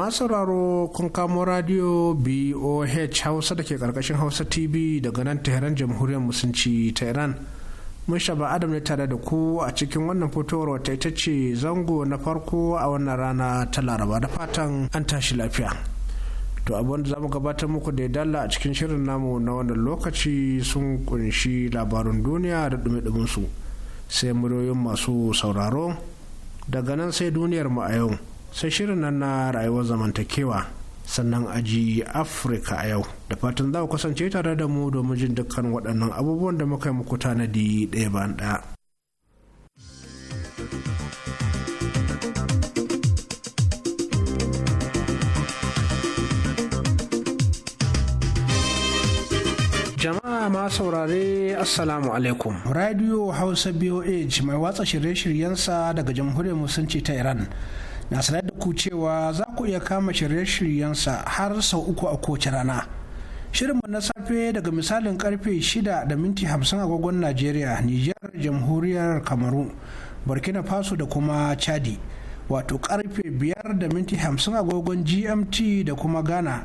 masu sauraro kun kamo radio boh hausa da ke karkashin hausa tv daga nan tehran jamhuriyar musulunci ta iran mun shaba adam ne tare da ku a cikin wannan fitowar wata ita ce zango na farko a wannan rana ta laraba da fatan an tashi lafiya to abin da za mu gabatar muku da ya dalla a cikin shirin namu na wannan lokaci sun kunshi labarun duniya da dumi su sai muryoyin masu sauraro daga nan sai duniyar mu a yau sai shirin nan na rayuwar zamantakewa sannan aji afirka a yau da fatan za ku kasance tare da mu domin jin dukkan waɗannan abubuwan da muka yi muku tanadi ɗaya bayan ɗaya Jama'a ma saurare Assalamu alaikum. Radio Hausa BOH mai watsa shirye-shiryensa daga Jamhuriyar Musulunci ta Iran na sanar da ku cewa za ku iya kama shirye-shiryensa har sau uku a kowace rana shirinmu na safe daga misalin karfe 6 da minti 50 agogon najeriya nijar jamhuriyar kamaru burkina faso da kuma chadi wato karfe 5 da minti 50 agogon gmt da kuma ghana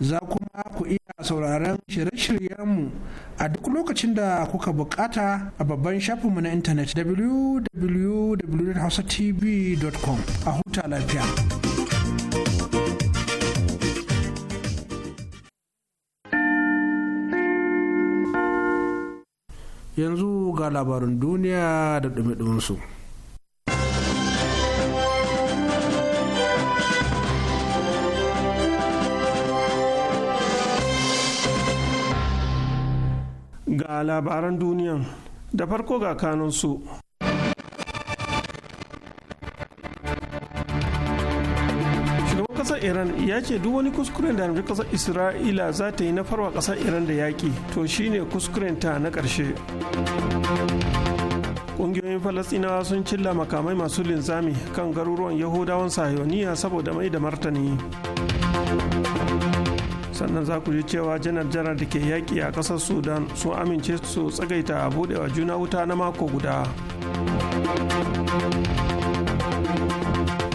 za kuma ku iya sauraron shirye-shiryenmu a duk lokacin da kuka bukata a babban shafinmu na intanet www.hausatv.com a huta lafiya. Yanzu ga labarin duniya da dumi su. ga labaran duniyan da farko ga kanunsu shugaban kasar iran ya ce duk wani kuskuren da hamshin kasar isra'ila za ta yi na farwa kasar iran da yaƙi to shine kuskuren ta na ƙarshe ƙungiyoyin falasɗinawa sun cilla makamai masu linzami kan garuruwan yahudawan sahiyoniya saboda mai da martani sannan za ku ji cewa janar-janar da ke yaƙi a ƙasar sudan sun amince su tsagaita a budewa juna wuta na mako guda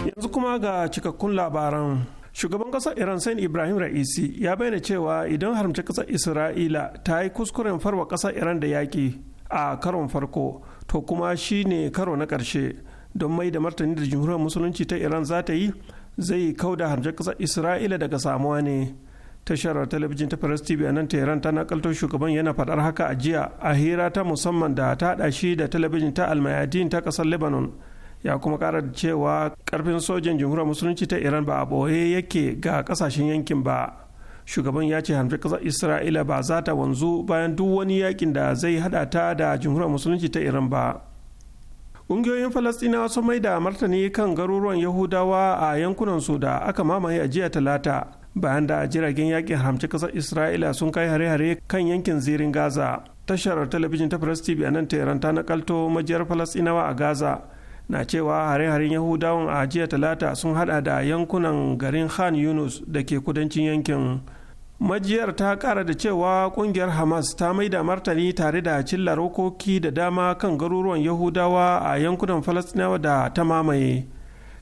yanzu kuma ga cikakkun labaran shugaban ƙasar iran sain ibrahim ra'isi ya bayyana cewa idan haramci ƙasar isra'ila ta yi kuskuren farwa ƙasar iran da yaƙi a karon farko to kuma shi ne karo na ƙarshe don mai da martani da jumhuriyar musulunci ta iran za ta yi zai kauda haramci ƙasar isra'ila daga samuwa ne tashar talabijin ta faransa TV a nan Tehran ta nakalto shugaban yana fadar haka a jiya a hira ta musamman da ta hada shi da talabijin ta Almayadin ta kasar Lebanon. Ya kuma kara da cewa karfin sojan jamhuriyar musulunci ta Iran ba a boye yake ga kasashen yankin ba. Shugaban ya ce hamfi kasar Isra'ila ba za ta wanzu bayan duk wani yakin da zai hada ta da jamhuriyar musulunci ta Iran ba. ƙungiyoyin falastinawa sun mai da martani kan garuruwan yahudawa a yankunan su da aka mamaye a jiya talata bayan da jiragen yakin hamci kasar isra'ila sun kai hare-hare kan yankin zirin gaza tashar talabijin ta press tv a nan 'yaranta ta nakalto majiyar falastinawa a gaza na cewa hare-haren yahudawan a jiya talata sun hada da yankunan garin khan yunus da ke kudancin yankin majiyar ta kara da cewa kungiyar hamas ta maida martani tare da cilla rokoki da dama kan garuruwan yahudawa a yankunan falastinawa da ta mamaye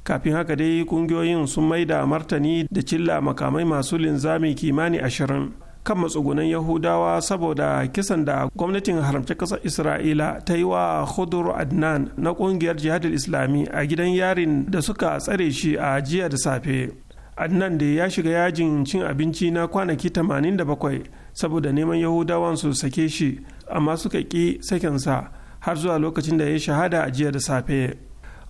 kafin haka dai kungiyoyin sun maida martani da cilla makamai masu linzami kimani ashirin kan matsugunan yahudawa saboda kisan da gwamnatin haramta kasar isra'ila ta yi wa khudur adnan na kungiyar jihadar islami a gidan yarin da suka tsare shi a jiya da safe adnan da ya shiga yajin cin abinci na kwanaki 87 saboda neman yahudawan su sake shi amma suka ƙi sakinsa har zuwa lokacin da ya shahada a jiya da safe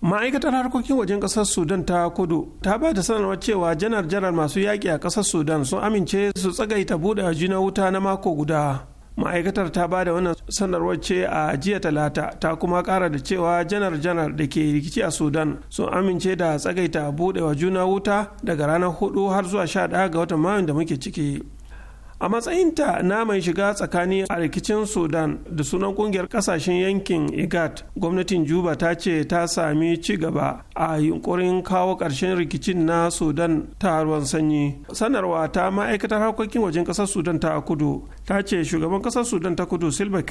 ma'aikatar harkokin wajen kasar sudan ta kudu ta ba da sanarwar cewa janar janar masu yaƙi a kasar sudan sun amince su tsagaita buɗe juna wuta na mako guda ma'aikatar ta ba da wannan sanarwar ce a jiya talata ta kuma kara da cewa janar janar da ke rikici a sudan sun amince da tsagaita buɗewa juna wuta daga ranar hudu har zuwa sha ɗaya ga watan mayun da muke ciki a matsayinta na mai shiga tsakanin a rikicin sudan da sunan kungiyar kasashen yankin igat gwamnatin juba ta ce ta sami ci gaba a yunkurin kawo ƙarshen rikicin na sudan ta ruwan sanyi sanarwa ta ma'aikatar harkokin wajen ƙasar sudan ta kudu ta ce shugaban ƙasar sudan ta kudu silva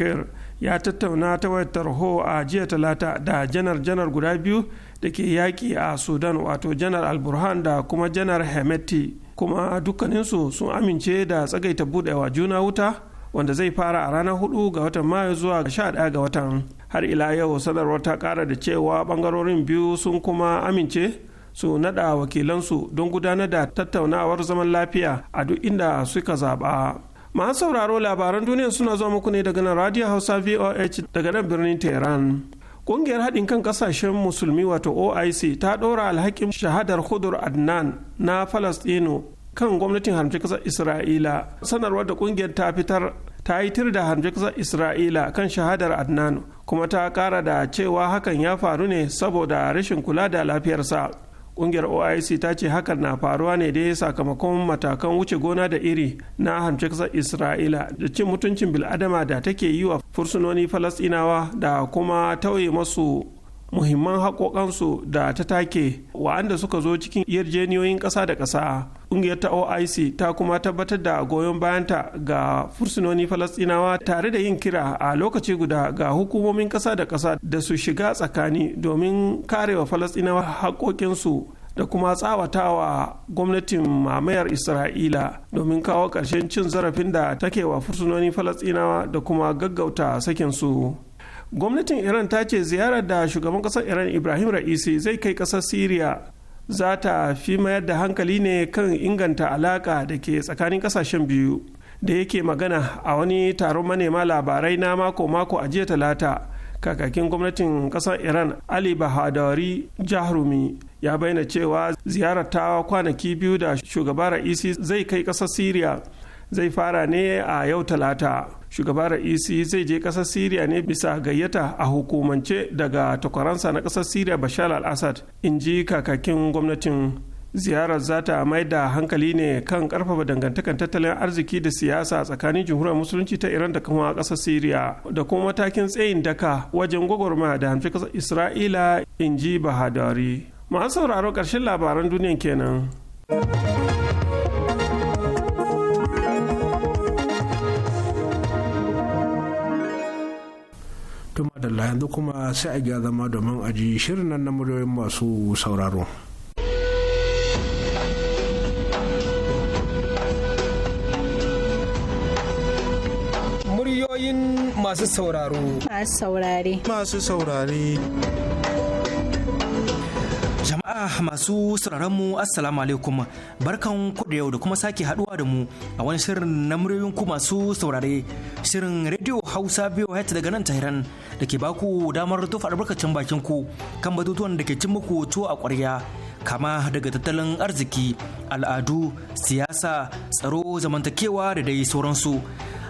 ya tattauna ta wayar tarho a jiya talata da janar janar guda biyu da ke yaƙi a sudan wato janar al da kuma janar hemeti kuma dukkaninsu sun amince da tsagaita buɗewa juna wuta wanda zai fara a ranar hudu ga watan mayu zuwa sha ɗaya ga watan har ila yau sanarwar ta kara da cewa ɓangarorin biyu sun kuma amince su naɗa wakilansu don gudanar da tattaunawar zaman lafiya a duk inda suka zaɓa masu sauraro labaran duniya suna zuwa muku ne daga nan radio hausa voh daga nan birnin tehran kungiyar haɗin kan ƙasashen musulmi wato oic ta ɗora alhakin shahadar hudur adnan na falastino kan gwamnatin harmce ƙasar isra'ila sanarwar da kungiyar ta fitar ta yi tir da harmce ƙasar isra'ila kan shahadar adnan kuma ta ƙara da cewa hakan ya faru ne saboda rashin kula da lafiyarsa kungiyar oic ta ce hakan na faruwa ne dai sakamakon matakan wuce gona da iri na harmce ƙasar isra'ila da cin mutuncin bil'adama da take yi wa fursunoni falasɗinawa da kuma tauye masu muhimman haƙoƙansu da ta take wa'anda suka zo cikin yarjeniyoyin ƙasa da ƙasa ƙungiyar ta oic ta kuma tabbatar da goyon bayanta ga fursunoni falasɗinawa tare da yin kira a lokaci guda ga hukumomin ƙasa da ƙasa da su shiga tsakani domin karewa falasɗinawa haƙoƙinsu da kuma tsawatawa gwamnatin mamayar isra'ila domin kawo ƙarshen cin zarafin da take wa fursunonin falasinawa da kuma gaggauta sakinsu gwamnatin iran ta ce ziyarar da shugaban ƙasar iran ibrahim ra'isi zai kai ƙasar syria za ta fi mayar da hankali ne kan inganta alaƙa da ke tsakanin ƙasashen biyu da yake magana a wani taron manema labarai na mako-mako a jiya talata kakakin gwamnatin kasar iran ali bahadari jahrumi ya bayyana cewa ziyarar ta kwanaki biyu da shugaba ra'isi zai kai kasar syria zai fara ne a yau talata shugaba ra'isi zai je kasar syria ne bisa gayyata a hukumance daga takwaransa na kasar syria bashar al-assad in ji kakakin gwamnatin ziyarar za ta mai da hankali ne kan karfafa dangantakan tattalin arziki da siyasa tsakanin jamhuriyar musulunci ta iran da kuma kasar syria da kuma matakin tsayin daka wajen gwagwarmaya da hanfi kasar isra'ila in ji bahadari masu sauraro karshen labaran duniyan kenan tuma da yanzu kuma sai a gya zama domin aji shirin nan na muryoyin masu sauraro. Ra'ayoyin masu sauraro. Masu saurare. Masu saurare. Jama'a masu mu Assalamu alaikum barkan ku da yau da kuma sake haduwa da mu a wani shirin na ku masu saurare shirin Radio Hausa biyu hat daga nan Tehran da ke baku damar tofa albarkacin bakin ku kan batutuwan da ke cin muku tuwo a ƙwarya kama daga tattalin arziki, al'adu, siyasa, tsaro, zamantakewa da dai sauransu.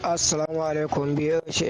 Assalamu alaikum BOH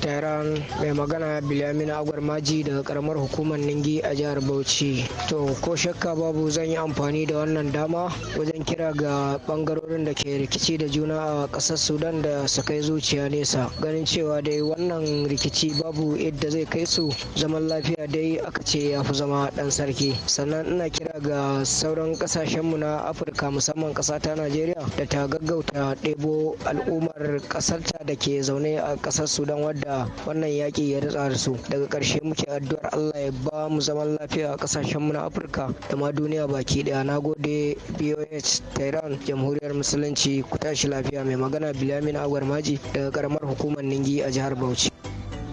Tehran mai magana Bilamina Agwar Maji daga karamar hukumar Ningi a jihar Bauchi. To ko shakka babu zan yi amfani da wannan dama wajen kira ga bangarorin da ke rikici da juna a ƙasar Sudan da su kai zuciya nesa. Ganin cewa dai wannan rikici babu yadda zai kai su zaman lafiya dai aka ce ya fi zama ɗan sarki. Sannan ina kira ga sauran ƙasashenmu na Afirka musamman ƙasa ta Najeriya da ta gaggauta ɗebo al'ummar kasarta da ke zaune a kasar sudan wadda wannan yaki ya ritsa da su daga karshe muke addu'ar allah ya ba mu zaman lafiya a kasashen mu na afirka da ma duniya baki daya na gode boh tehran jamhuriyar musulunci ku tashi lafiya mai magana bilamin agwar maji daga karamar hukumar ningi a jihar bauchi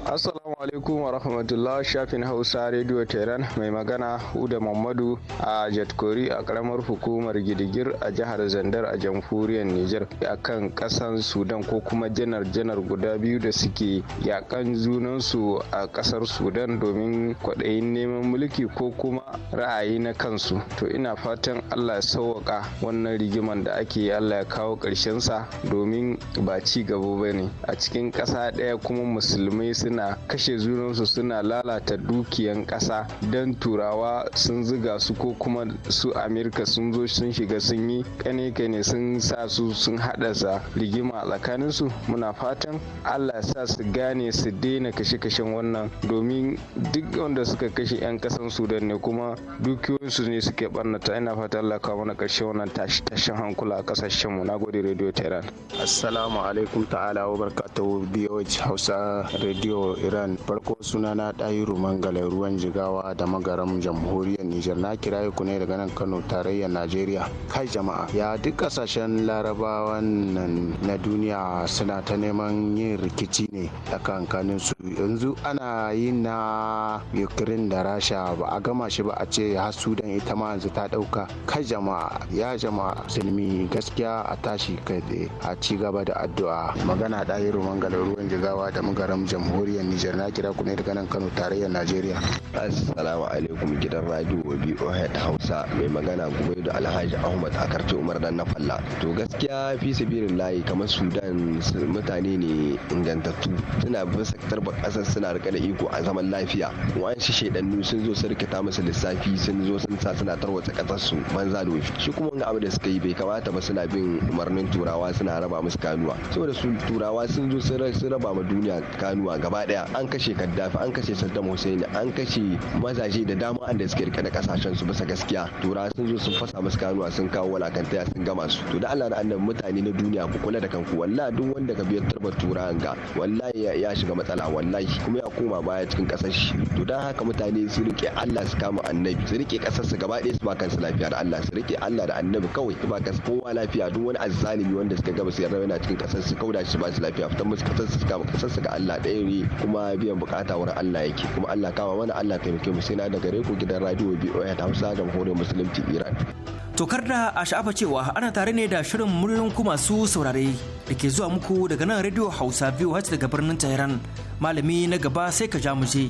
Assalamu alaikum wa rahmatullah shafin Hausa Radio Tehran mai magana huda Mamadu a Jatkori a karamar hukumar Gidigir a jihar Zandar a jamhuriyar Nijar a kan kasan Sudan ko kuma janar-janar guda biyu da suke yakan junansu a kasar Sudan domin kwaɗayin neman mulki ko kuma ra'ayi na kansu. To ina fatan Allah ya sauwaka wannan rigiman da ake Allah ya kawo ƙarshensa domin ba ci gaba ba ne. A cikin ƙasa ɗaya kuma musulmai suna suna kashe junansu suna lalata dukiyan kasa don turawa sun ziga su ko kuma su amerika sun zo sun shiga sun yi kane kane sun sa su sun haddasa rigima tsakaninsu muna fatan allah sa su gane su daina kashe-kashen wannan domin duk wanda suka kashe 'yan kasan sudan ne kuma dukiyoyinsu ne suke barnata ina fatan allah kawo mana wannan tashin hankula a mu na gode radio tehran assalamu alaikum ta'ala wa barakatuhu hausa radio iran farko na ɗahiru mangala ruwan jigawa da magaram jamhuriyar nijar na kiraye ku ne daga nan kano tarayyar najeriya kai jama'a ya duk ƙasashen larabawan nan na duniya suna ta neman yin rikici ne a kankanin su yanzu ana yi na ukraine da rasha ba a gama shi ba a ce har sudan ita ma yanzu ta ɗauka kai jama'a ya jama'a sulmi gaskiya a tashi kai a ci gaba da addu'a magana ɗahiru mangala ruwan jigawa da magaram jamhuriyar tarayyar Nijar na kira ku ne daga nan Kano tarayyar Najeriya. Assalamu alaikum gidan radio BOH Hausa mai magana da Alhaji Ahmad Akarci Umar dan Nafalla. To gaskiya fi sabirin layi kamar Sudan mutane ne ingantattu suna bin sakatar kasar suna rika da iko a zaman lafiya. Wa'ansu shaidannu sun zo sun rikita musu lissafi sun zo sun sa suna tarwatsa kasar su banza da wafi. Shi kuma wani abu da suka yi bai kamata ba suna bin umarnin turawa suna raba musu kanuwa. Saboda su turawa sun zo sun raba ma duniya kanuwa gaba gaba daya an kashe kaddafi an kashe saddam hussein an kashe mazaje da dama anda suke rike da kasashen su bisa gaskiya tura sun zo sun fasa musu kanuwa sun kawo walakantaya sun gama su to da allah da annabi mutane na duniya ku kula da kanku wallahi duk wanda ka biyar tarbar tura ga wallahi ya shiga matsala wallahi kuma ya koma baya cikin kasar shi to dan haka mutane su rike allah su kama annabi su rike kasar su gaba daya su ba kansu lafiya da allah su rike allah da annabi kawai su ba kansu kowa lafiya duk wani azzalimi wanda suka gaba su yarda yana cikin kasar su kauda shi ba su lafiya fitan musu kasar su kama kasar su ga allah ɗaya ne kuma biyan bukata wurin Allah yake kuma Allah kama mana Allah taimake mu sai na da gare ku gidan radio BOA ta Hausa Jamhuriyar Musulunci Iran. Tokar da a sha'afa cewa ana tare ne da shirin muryoyin ku masu saurare da ke zuwa muku daga nan radio Hausa biyu har daga birnin Tehran malami na gaba sai ka ja mu je.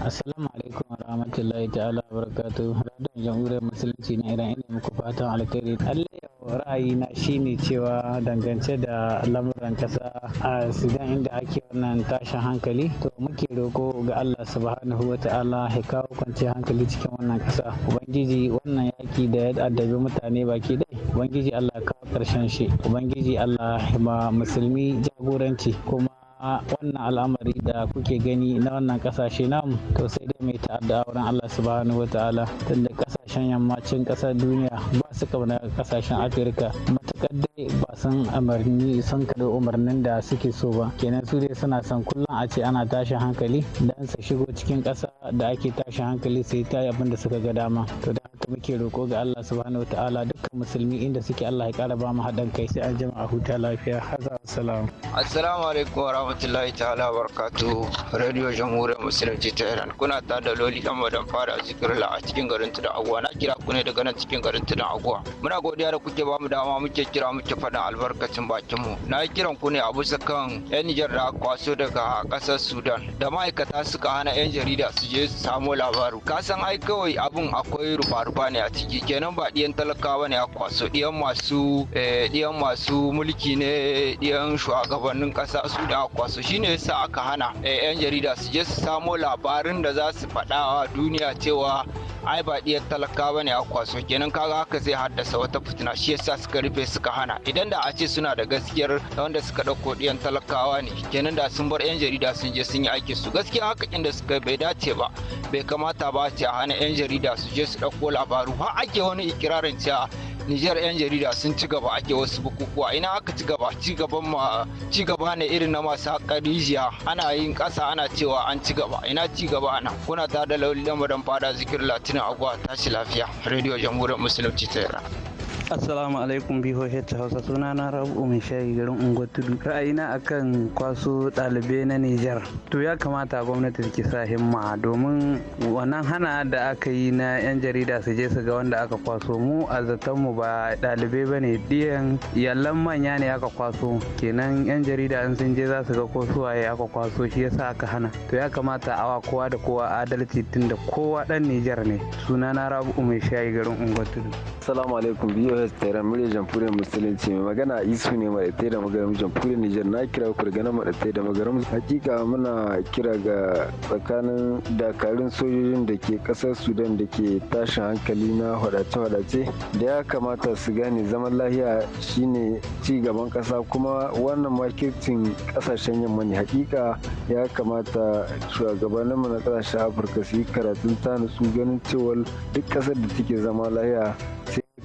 Assalamu alaikum wa rahmatullahi ta'ala wa barakatu. Radon Jamhuriyar Musulunci na Iran ina muku fatan alkhairi. Allah shi shine cewa dangance da lamuran kasa a sudan inda ake wannan tashin hankali to muke roko ga Allah subhanahu wa ta'ala ya kawo kwanci hankali cikin wannan kasa. Ubangiji wannan yaki da ya addabi mutane baki dai. Ubangiji Allah ya kawo karshen shi. Ubangiji Allah ma musulmi jagoranci kuma a wannan al'amari da kuke gani na wannan kasashe namu to sai dai mai ta'adda wurin Allah subhanahu ta'ala tunda kasashen yammacin kasar duniya ba su kauna kasashen Afirka matakar dai ba san amarni sun kada umarnin da suke so ba kenan su dai suna son kullum a ce ana tashin hankali dan su shigo cikin kasa da ake tashin hankali sai ta yi abin da suka ga dama to da haka muke roko ga Allah subhanahu ta'ala dukkan musulmi inda suke Allah ya kara ba mu haɗin kai sai an jama'a huta lafiya hazar salam assalamu alaikum rahmatullahi ta'ala barkatu radio jamhuriyar musulunci ta iran kuna ta da loli dan madan fara la a cikin garin tudun aguwa na kira ku ne daga nan cikin garin tudun aguwa muna godiya da kuke bamu dama muke kira muke faɗin albarkacin bakin mu na kiran ku ne a bisa kan yan nijar da kwaso daga ƙasar sudan da ma'aikata suka hana yan jarida su je su samo labaru ka san ai kawai abun akwai rufa-rufa ne a ciki kenan ba ɗiyan talakawa ne a kwaso ɗiyan masu eh, ɗiyan masu mulki ne ɗiyan shugabannin ƙasa su da kwaso shine sa aka hana eh, yan jarida su je su samo labarin da za su faɗa a duniya cewa ai ba diyar talaka ne a kwaso kenan kaga haka zai haddasa wata fitina shi yasa suka rufe suka hana idan da a ce suna da gaskiyar wanda suka ɗauko diyan talakawa ne kenan da sun bar yan jarida sun je sun yi aiki su gaskiya haka inda suka bai dace ba bai kamata ba ce a hana yan jarida su je su ɗauko labaru har ake wani ikirarin cewa Nijar 'yan jarida sun ci gaba ake wasu bukukuwa ina aka ci gaba ci gaban ma ci gaba ne irin na masu hakarijiya ana yin kasa ana cewa an ci gaba ina ci gaba ana kuna ta da lauli lamarin fada zikir latina agwa tashi lafiya radio jamhuriyar musulunci ta yara. Assalamu alaikum ta Hausa suna na Rabu mai shayi garin Unguwar Tudu. Ra'ayina akan kwaso ɗalibe na Nijar. To ya kamata gwamnati ki sa himma domin wannan hana da aka yi na 'yan jarida su je su ga wanda aka kwaso mu a mu ba ɗalibai ba ne diyan yallan manya ne aka kwaso kenan 'yan jarida in sun je za su ga ko suwaye aka kwaso shi yasa aka hana. To ya kamata awa kowa da kowa adalci tunda kowa ɗan Nijar ne. Suna na Rabu mai shayi garin Unguwar Tudu. Assalamu alaikum biyo Rose Tehran murya jamhuriyar musulunci mai magana isu ne mai da magaram jamhuriyar Nijar na kira ku daga nan mai da magaram. Hakika muna kira ga tsakanin dakarun sojojin da ke kasar Sudan da ke tashin hankali na hwadace-hwadace da ya kamata su gane zaman lahiya shine ci gaban kasa kuma wannan makircin kasashen yamma ne hakika ya kamata shugabanninmu na kasashen Afirka su yi karatun ta nutsu ganin cewa duk kasar da take zama lahiya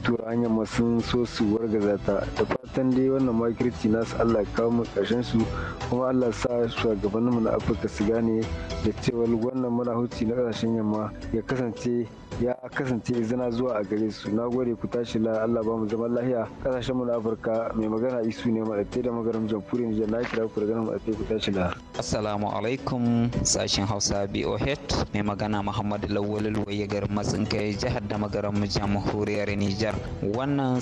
tura hanyar masu so su wargaza ta da fatan dai wannan makirci nasu allah kawo mu karshen su kuma allah sa shugabanninmu na afirka su gane da cewa wannan marahuci na kasashen yamma ya kasance ya kasance izina zuwa a gare su na gode ku tashi la Allah ba mu zaman lahiya kasashen mu na Afirka mai magana isu ne maɗaɗe da magaram jamhuriyar ne na kira ku daga ku tashi la. Assalamu alaikum sashen Hausa BOHET mai magana Muhammad Lawal waye garin Matsin kai jihar da magaram jamhuriyar Nijar wannan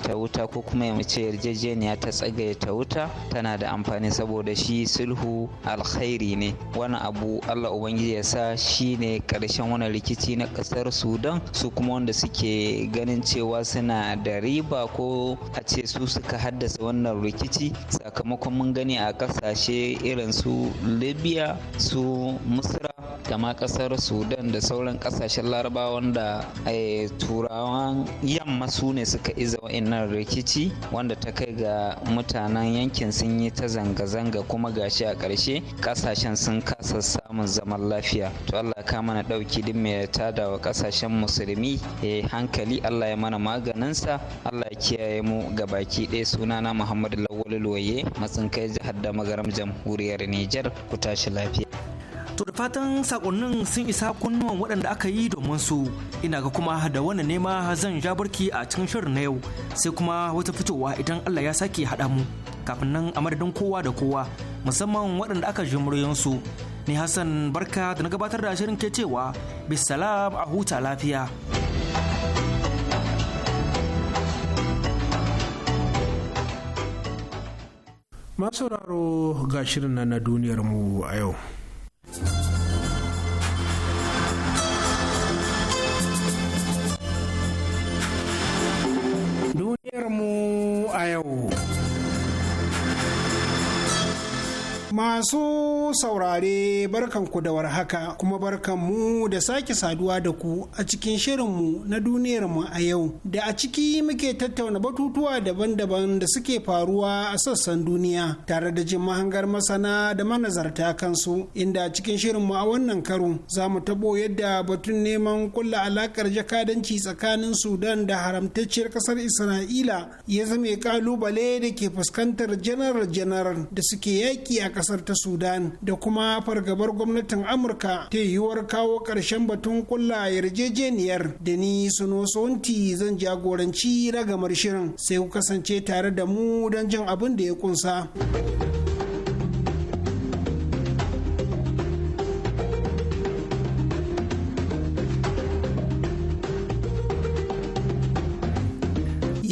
ta wuta ko kuma ya mace yarjejeniya ta ta wuta tana da amfani saboda shi sulhu alkhairi ne wani abu Allah Ubangiji ya sa shi ne ƙarshen wani rikici na ƙasar sudan su kuma wanda suke ganin cewa suna da riba ko a ce su suka haddasa wannan rikici sakamakon mun gani a kasashe irin su libya su musra kama kasar sudan da sauran kasashen larabawa wanda eh, turawan yamma su ne suka iza wa'annan rikici wanda ta kai ga mutanen yankin sun yi ta zanga-zanga kuma gashi a ƙarshe kasashen sun kasa samun zaman lafiya to allah ka mana ɗauki duk mai tada wa kasashen musulmi eh, hankali allah ya mana maganinsa allah ya kiyaye mu ga gabaki ɗaya sunana muhammadu lawal loye matsinkai jihar da magaram jamhuriyar niger ku tashi lafiya To da fatan sakonnin sun isa kunnuwan waɗanda aka yi domin su ina ga kuma da wani nema zan ja barki a cikin shirin na yau sai kuma wata fitowa idan Allah ya sake haɗa mu kafin nan a madadin kowa da kowa musamman waɗanda aka ji muryansu ni Hassan barka da na gabatar da shirin ke cewa bisalam a huta lafiya. masauraro ga shirin na duniyar mu a yau. Duniyarmu a yau. Masu saurare barkanku da warhaka kuma barkanmu da sake saduwa da ku a cikin shirinmu na duniyarmu a yau da a ciki muke tattauna batutuwa daban-daban da suke faruwa a sassan duniya tare da jin mahangar masana da manazarta kansu inda a cikin shirinmu a wannan karo za mu tabo yadda batun neman kulla alaƙar jakadanci tsakanin Sudan da haramtacciyar ƙasar Isra'ila ya zame kalubale da ke fuskantar janar-janar da suke yaƙi a kasar ta sudan da kuma fargabar gwamnatin amurka ta yiwuwar kawo ƙarshen batun kulla yarjejeniyar da ni suno sonti zan jagoranci ragamar shirin sai ku kasance tare da mu don jin abin da ya kunsa.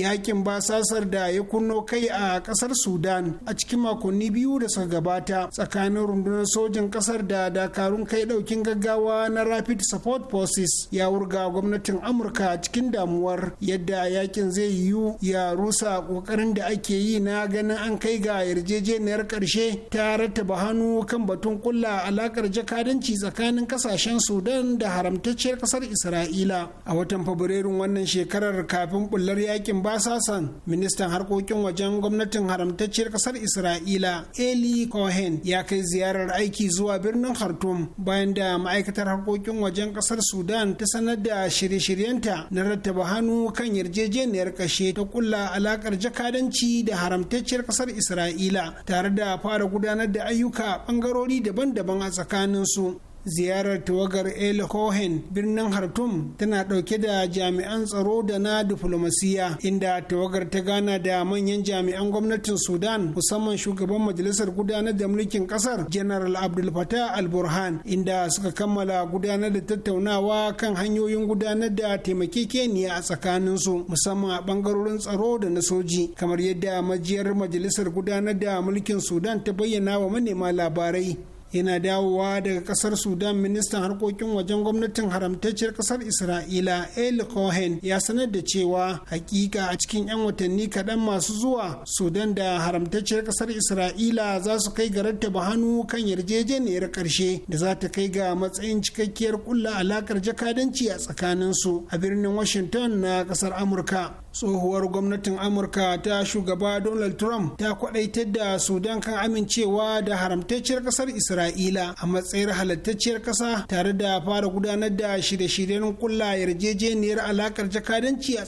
yakin basasar da ya kunno kai a kasar sudan a cikin makonni biyu da suka gabata tsakanin rundunar sojin kasar da dakarun kai daukin gaggawa na rapid support forces ya wurga gwamnatin amurka cikin damuwar yadda yakin zai yiwu ya rusa kokarin da ake yi na ganin an kai ga yarjejeniyar karshe ta rattaba hannu kan batun kulla alakar jakadanci tsakanin kasashen sudan da haramtacciyar kasar isra'ila a watan fabrairun wannan shekarar kafin bullar yakin ba basasan ministan harkokin wajen gwamnatin haramtacciyar kasar isra'ila eli cohen ya kai ziyarar aiki zuwa birnin khartoum bayan da ma'aikatar harkokin wajen kasar sudan ta sanar da shirye-shiryenta na rattaba hannu kan yarjejeniyar kashe ta kulla alakar jakadanci da haramtacciyar kasar isra'ila tare da fara gudanar da ayyuka bangarori daban-daban a tsakaninsu ziyarar tawagar el hohen birnin hartum tana ɗauke da jami'an tsaro da na diflomasiya inda tawagar ta gana da manyan jami'an gwamnatin sudan musamman shugaban majalisar gudanar da mulkin ƙasar general abdul fatah al-burhan inda suka kammala gudanar da tattaunawa kan hanyoyin gudanar da taimakekeniya a tsakaninsu musamman a ɓangarorin tsaro da na soji kamar yadda majiyar majalisar gudanar da mulkin sudan ta bayyana wa manema labarai yana dawowa daga kasar sudan ministan harkokin wajen gwamnatin haramtacciyar kasar isra'ila el cohen ya sanar da cewa hakika a cikin 'yan watanni kaɗan masu zuwa sudan da haramtacciyar kasar isra'ila za su kai ga rattaba hannu kan yarjejeniyar ƙarshe da za ta kai ga matsayin cikakkiyar kulla alakar jakadanci a tsakanin su a birnin washington na kasar amurka tsohuwar gwamnatin amurka ta shugaba donald trump ta kwadaitar da sudan kan amincewa da haramtacciyar kasar isra'ila a matsayin halattacciyar kasa tare da fara gudanar da shirye-shiryen kulla yarjejeniyar alakar jakadanci a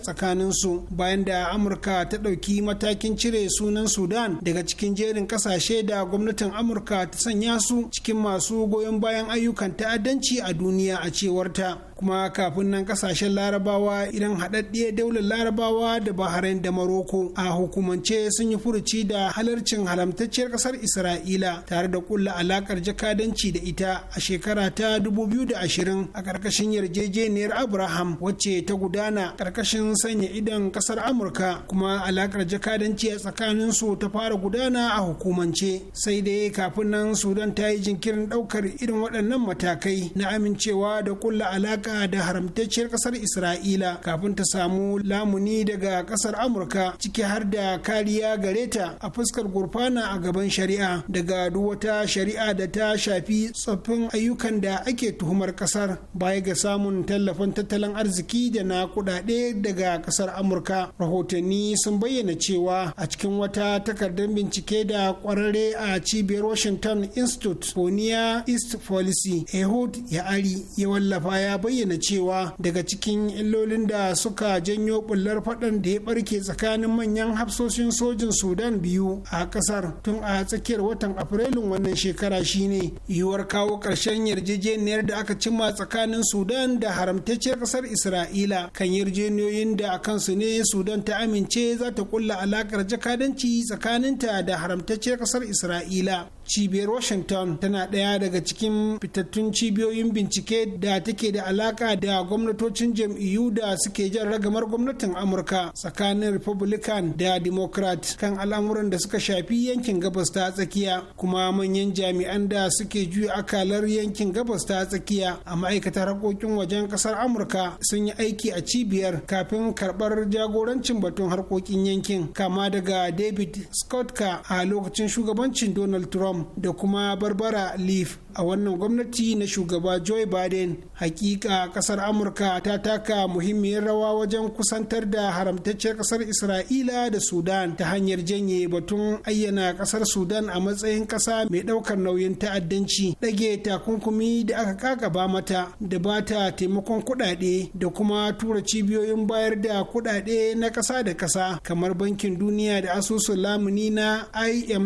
su bayan da amurka ta ɗauki matakin cire sunan sudan daga cikin jerin ƙasashe da gwamnatin amurka ta sanya su cikin masu goyon bayan ayyukan ta'addanci a duniya a cewarta kuma kafin nan kasashen larabawa idan haɗaɗɗiyar daular larabawa da bahrain da maroko a hukumance sun yi furuci da halarcin halamtacciyar ƙasar isra'ila tare da kulla alakar jakadanci da ita a shekara ta 2020 a ƙarƙashin yarjejeniyar abraham wacce ta gudana ƙarƙashin sanya idon ƙasar amurka kuma alaƙar jakadanci a tsakanin su ta fara gudana a hukumance sai dai kafin nan sudan ta yi jinkirin ɗaukar irin waɗannan matakai na amincewa da kulla alakar alaka da haramtacciyar kasar isra'ila kafin ta samu lamuni daga kasar amurka ciki har da kariya gare ta a fuskar gurfana a gaban shari'a daga duk wata shari'a da ta shafi tsoffin ayyukan da ake tuhumar kasar baya ga samun tallafin tattalin arziki da na kudade daga kasar amurka rahotanni sun bayyana cewa a cikin wata takardar bincike da kwararre a cibiyar washington institute for near east policy ehud ya ari ya wallafa ya bayyana bayyana cewa daga cikin illolin da suka janyo bullar faɗan da ya barke tsakanin manyan hafsoshin sojin sudan biyu a ƙasar tun a tsakiyar watan afrilun wannan shekara shine yiwuwar kawo ƙarshen yarjejeniyar da aka cimma tsakanin sudan da haramtacciyar ƙasar isra'ila kan yarjejeniyoyin da a kansu ne sudan ta amince za ta kulla alaƙar jakadanci tsakaninta da haramtacciyar ƙasar isra'ila cibiyar washington tana ɗaya daga cikin fitattun cibiyoyin bincike da take da alaka da gwamnatocin jam'iyyu da suke jan ragamar gwamnatin amurka tsakanin republican da democrat kan al'amuran da suka shafi yankin gabas ta tsakiya kuma manyan jami'an da suke juya akalar yankin gabas ta tsakiya a ma'aikatar harkokin wajen kasar amurka sun yi aiki a cibiyar kafin karɓar jagorancin batun harkokin yankin kama daga david scott a lokacin shugabancin donald trump trump da kuma barbara leaf a wannan gwamnati na shugaba joe biden hakika kasar amurka ta taka muhimmiyar rawa wajen kusantar da haramtacciyar kasar isra'ila da sudan ta hanyar janye batun ayyana kasar sudan a matsayin kasa mai ɗaukar nauyin ta'addanci ɗage takunkumi da aka kakaba mata da ba ta taimakon kuɗaɗe da kuma tura cibiyoyin bayar da kuɗaɗe na ƙasa da ƙasa kamar bankin duniya da asusun lamuni na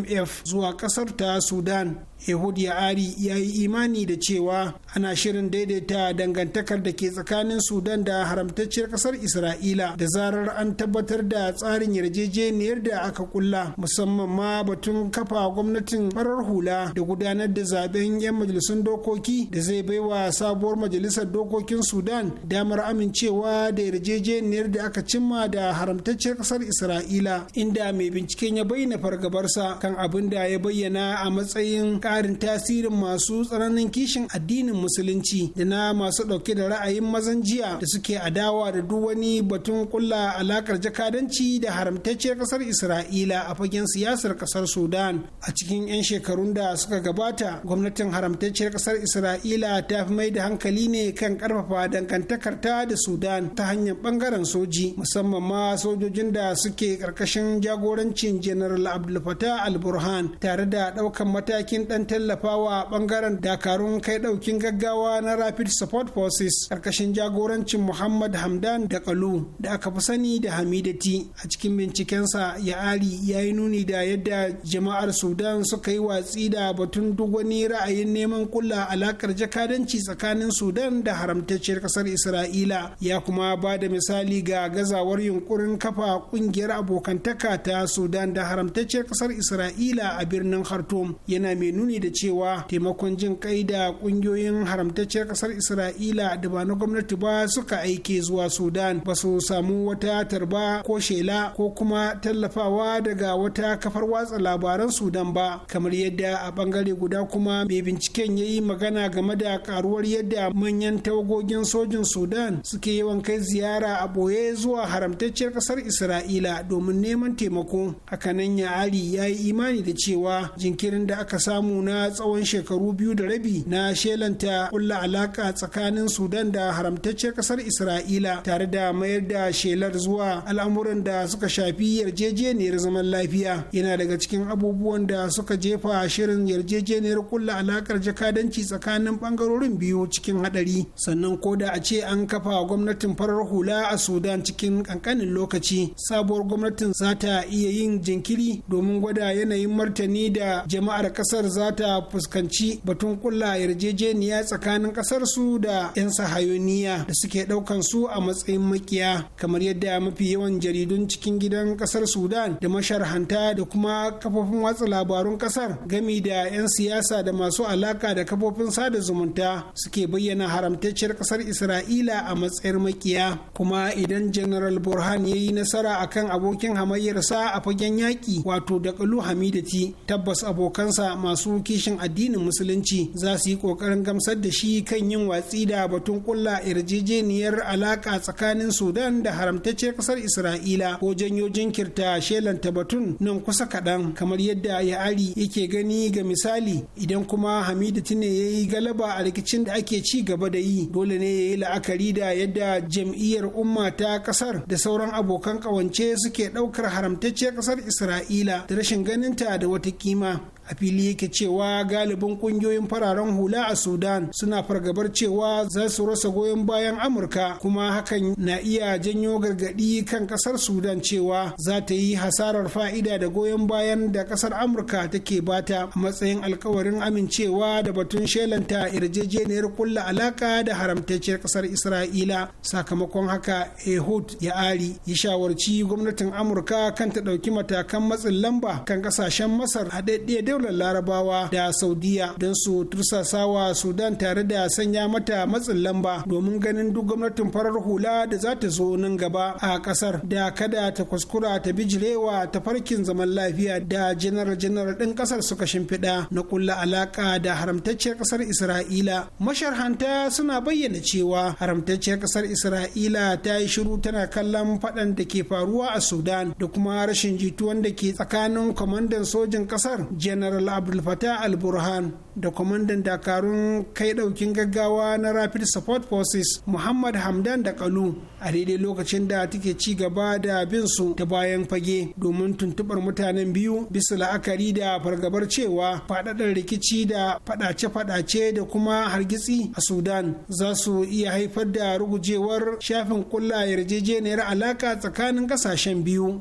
imf zuwa ƙasar ta ta sudan Ehud Ya'ari ya yi imani da cewa ana shirin daidaita dangantakar da ke tsakanin Sudan da haramtacciyar ƙasar Isra'ila da zarar an tabbatar da tsarin yarjejeniyar da aka kulla musamman ma batun kafa gwamnatin farar hula da gudanar da zaben 'yan majalisun dokoki da zai baiwa sabuwar majalisar dokokin Sudan damar amincewa da yarjejeniyar da aka cimma da haramtacciyar ƙasar Isra'ila inda mai binciken ya bayyana fargabarsa kan abin da ya bayyana a matsayin ƙarin tasirin masu tsananin kishin addinin musulunci da na masu ɗauke da ra'ayin mazan jiya da suke adawa da duk wani batun kulla alakar jakadanci da haramtacciyar ƙasar isra'ila a fagen siyasar ƙasar sudan a cikin 'yan shekarun da suka gabata gwamnatin haramtacciyar ƙasar isra'ila ta fi mai da hankali ne kan ƙarfafa dangantakarta da sudan ta hanyar ɓangaren soji musamman ma sojojin da suke ƙarƙashin jagorancin general abdulfatah al-burhan tare da ɗaukan matakin ɗan don tallafawa bangaren dakarun kai daukin gaggawa na rapid support forces karkashin jagorancin muhammad hamdan da kalu da aka fi sani da hamidati a cikin bincikensa ya ali ya yi nuni da yadda jama'ar sudan suka yi watsi da batun duk wani ra'ayin neman kulla alakar jakadanci tsakanin sudan da haramtacciyar kasar isra'ila ya kuma ba da misali ga gazawar yunkurin kafa kungiyar abokantaka ta sudan da haramtacciyar kasar isra'ila a birnin khartoum yana mai nuna nuni da cewa taimakon jin kai da kungiyoyin haramtacciyar kasar isra'ila da ba na gwamnati ba suka aike zuwa sudan ba su samu wata tarba ko shela ko kuma tallafawa daga wata kafar watsa labaran sudan ba kamar yadda a bangare guda kuma mai binciken ya yi magana game da karuwar yadda manyan tawagogin sojin sudan suke yawan kai ziyara a boye zuwa haramtacciyar kasar isra'ila domin neman taimako hakanan ya ali ya yi imani da cewa jinkirin da aka samu na tsawon shekaru biyu da rabi na shelanta kulla alaka tsakanin sudan da haramtacciyar kasar isra'ila tare da mayar da shelar zuwa al'amuran da suka shafi yarjejeniyar zaman lafiya yana daga cikin abubuwan da suka jefa shirin yarjejeniyar kulla alakar jakadanci tsakanin bangarorin biyu cikin hadari sannan ko da a ce an kafa gwamnatin farar hula a sudan cikin kankanin lokaci sabuwar gwamnatin za ta iya yin jinkiri domin gwada yanayin martani da jama'ar kasar za ta fuskanci batun kulla yarjejeniya tsakanin su da 'yan sahayoniya da suke ɗaukan su a matsayin makiya kamar yadda mafi yawan jaridun cikin gidan kasar sudan da masharhanta da kuma kafofin watsa labarun ƙasar gami da 'yan siyasa da masu alaka da kafofin sada zumunta suke bayyana haramtacciyar kasar isra'ila a matsayin makiya kuma idan general burhan ya yi nasara akan abokin hamayyarsa a fagen yaki wato da kalu hamidati tabbas abokansa masu masu kishin addinin musulunci za su yi kokarin gamsar da shi kan yin watsi da batun kulla yarjejeniyar alaka tsakanin sudan da haramtacciyar kasar isra'ila ko janyo jinkirta shelanta batun nan kusa kaɗan kamar yadda ya'ari yake gani ga misali idan kuma hamidu tine ya yi galaba a rikicin da ake ci gaba da yi dole ne ya yi la'akari da yadda jam'iyyar umma ta kasar da sauran abokan ƙawance suke ɗaukar haramtacciyar kasar isra'ila da rashin ganinta da wata kima a fili yake cewa galibin kungiyoyin fararen hula a sudan suna fargabar cewa za su rasa goyon bayan amurka kuma hakan na iya janyo gargadi kan kasar sudan cewa za ta yi hasarar fa'ida da goyon bayan da kasar amurka take bata a matsayin alkawarin amincewa da batun shelanta yarjejeniyar kulla alaka da haramtacciyar kasar isra'ila sakamakon haka ehud ya ari ya shawarci gwamnatin amurka kan ta ɗauki matakan matsin lamba kan ƙasashen masar haɗaɗɗe daular larabawa da saudiya don su tursasawa sudan tare da sanya mata matsin lamba domin ganin duk gwamnatin farar hula da za ta zo nan gaba a kasar da kada ta kuskura ta bijirewa ta farkin zaman lafiya da janar janar din kasar suka shimfiɗa na kulla alaka da haramtacciyar kasar isra'ila masharhanta suna bayyana cewa haramtacciyar kasar isra'ila ta yi shiru tana kallon faɗan da ke faruwa a sudan da kuma rashin jituwan da ke tsakanin kwamandan sojin kasar janar janaral abdul fatah al-burhan da kwamandan dakarun kai daukin gaggawa na rapid support forces muhammad hamdan da kalu a daidai lokacin da take ci gaba da bin su ta bayan fage domin tuntubar mutanen biyu bisa la'akari da fargabar cewa faɗaɗar rikici da faɗace-faɗace da kuma hargitsi a sudan za su iya haifar da rugujewar shafin kulla yarjejeniyar alaka tsakanin ƙasashen biyu